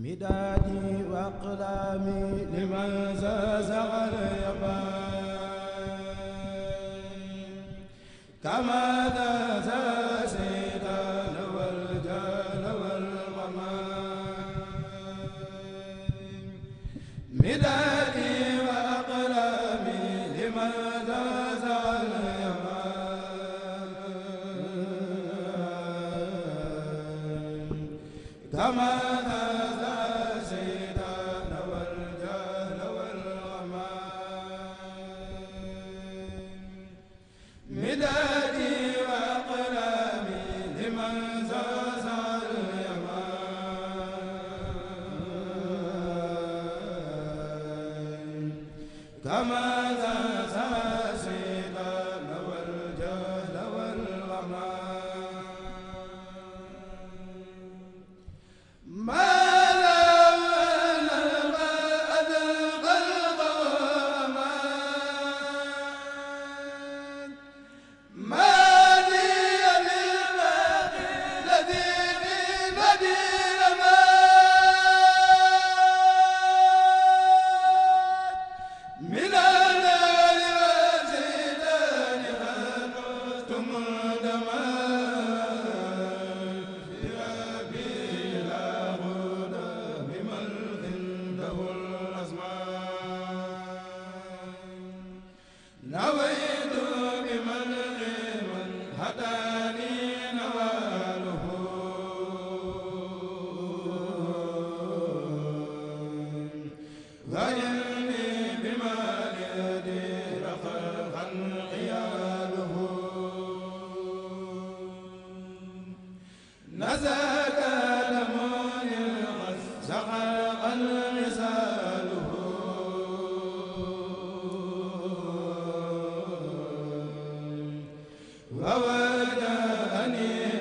midaadi wa aqlaami liman zazaxala yabaay kamaada kama amiin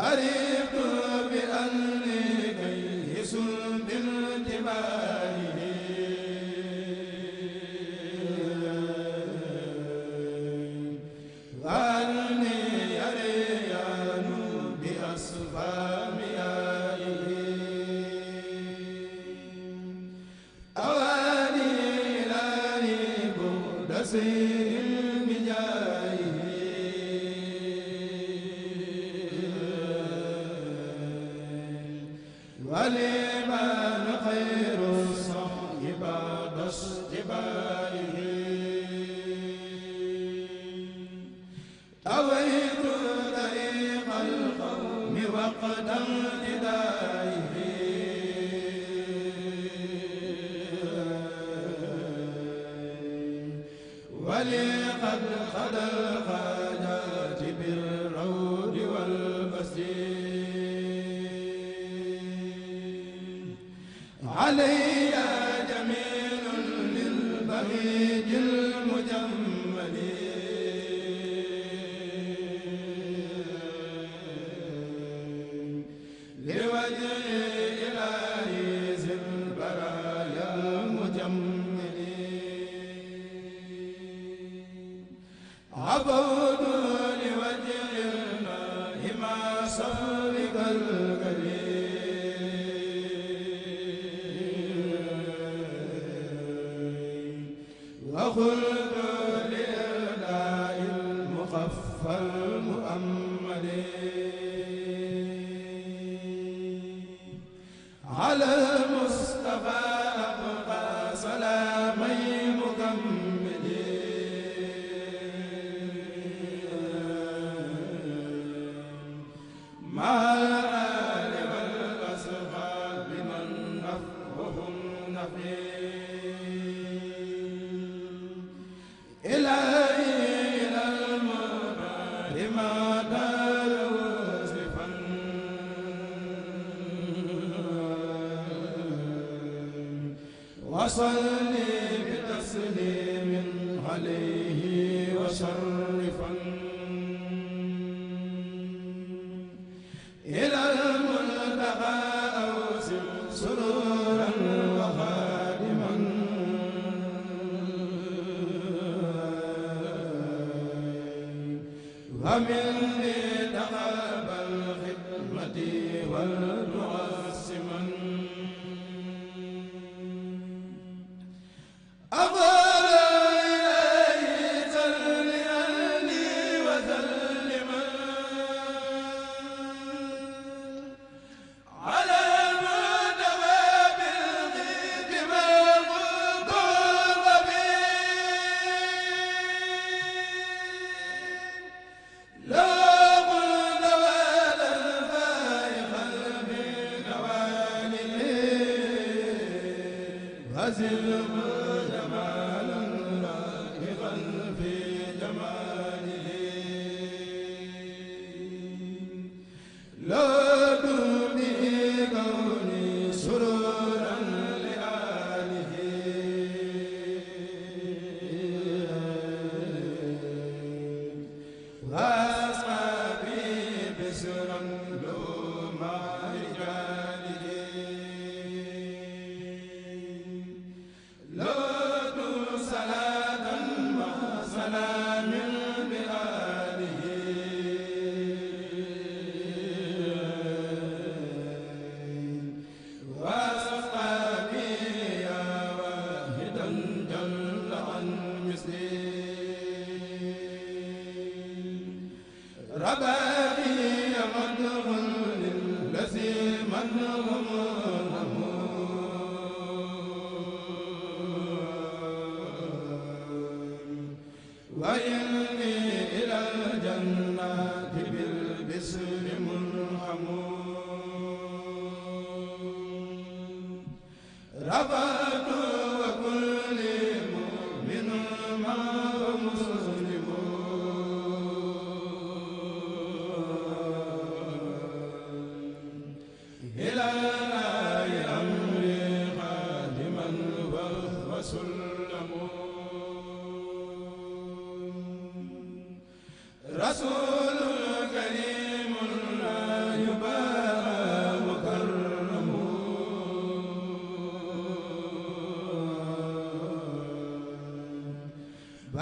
Hari qadam abou Ava annahum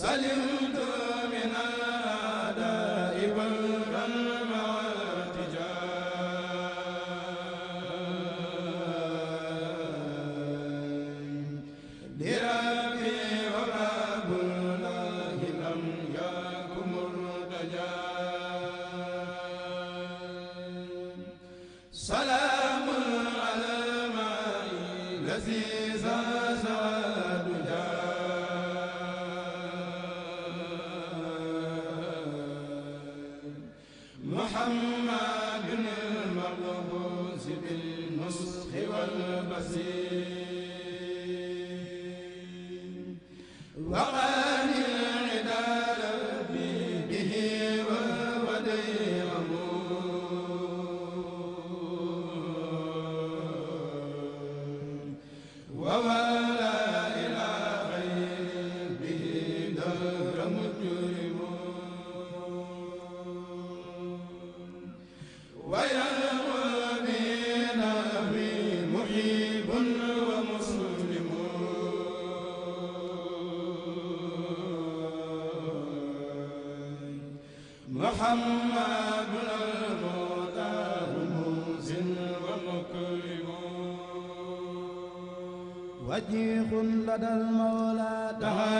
salim daa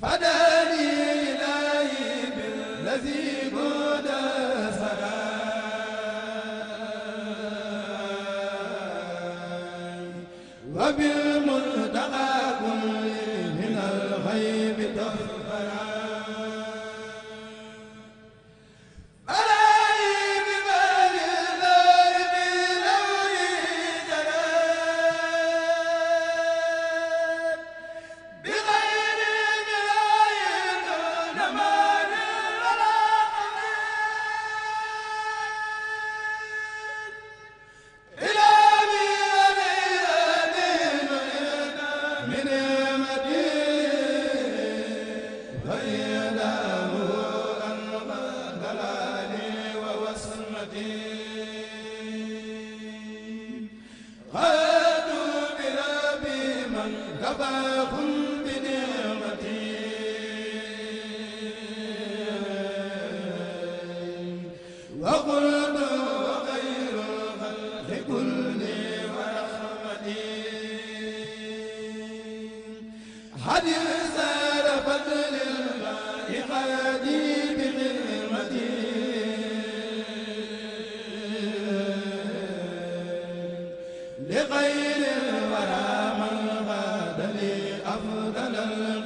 fada li xayri wara man xaadali afdalal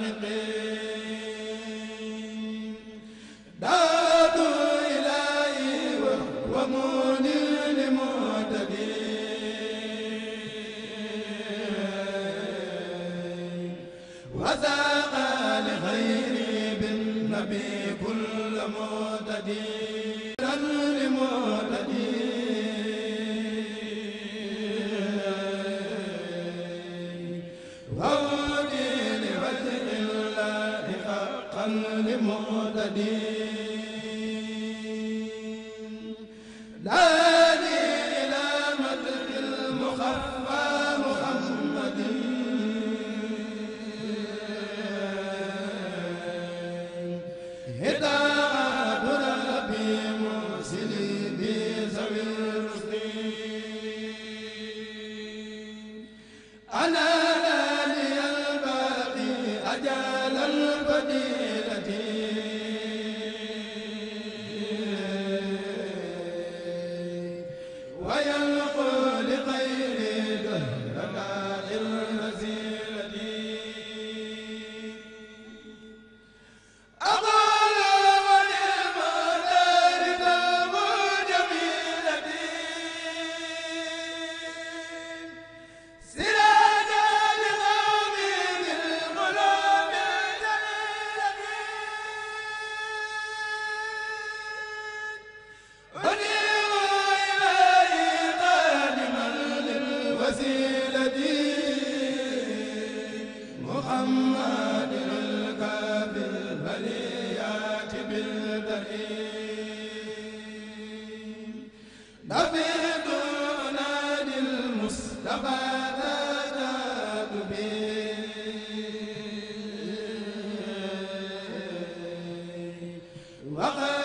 wa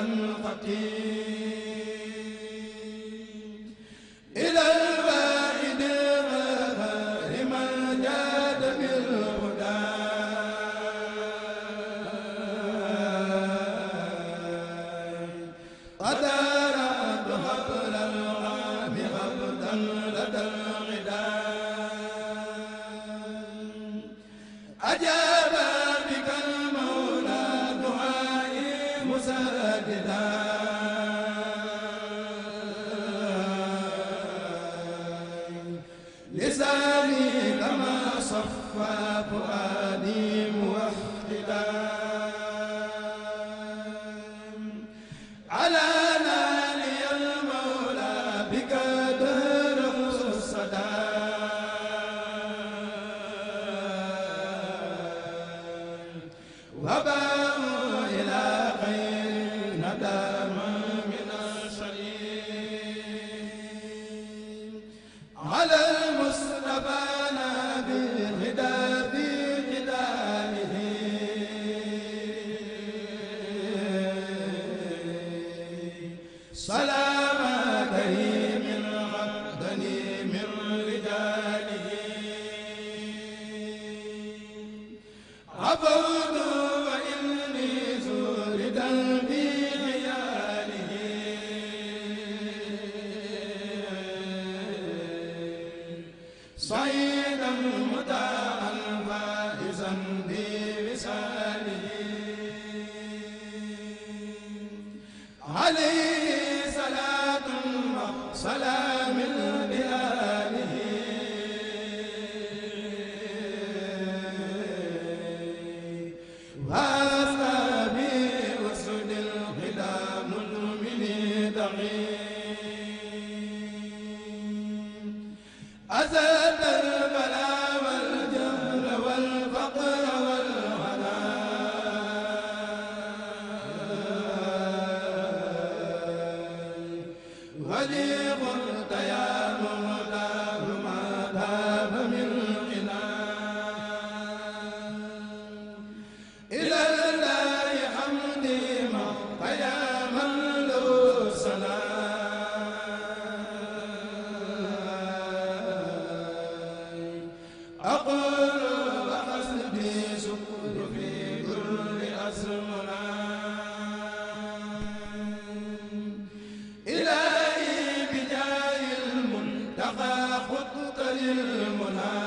الخطيب aba المنى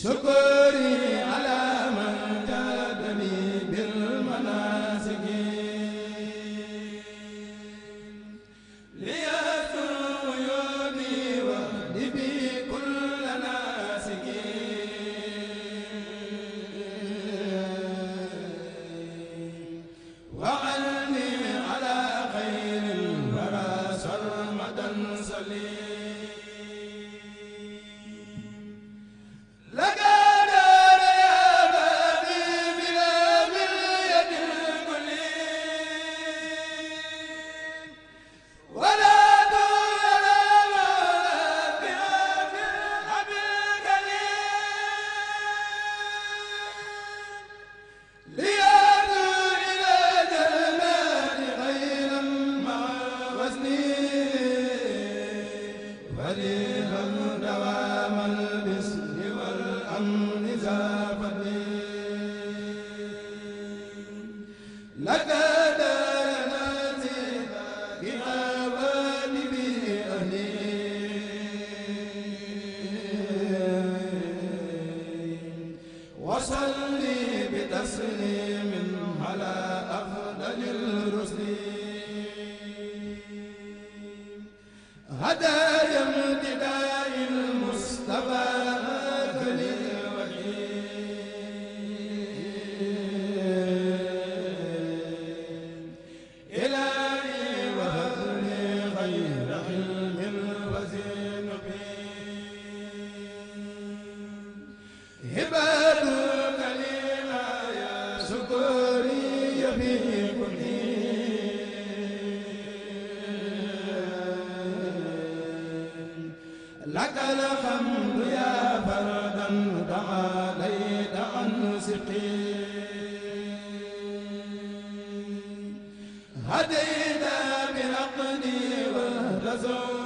sukuri هدينا بعقلي والرزق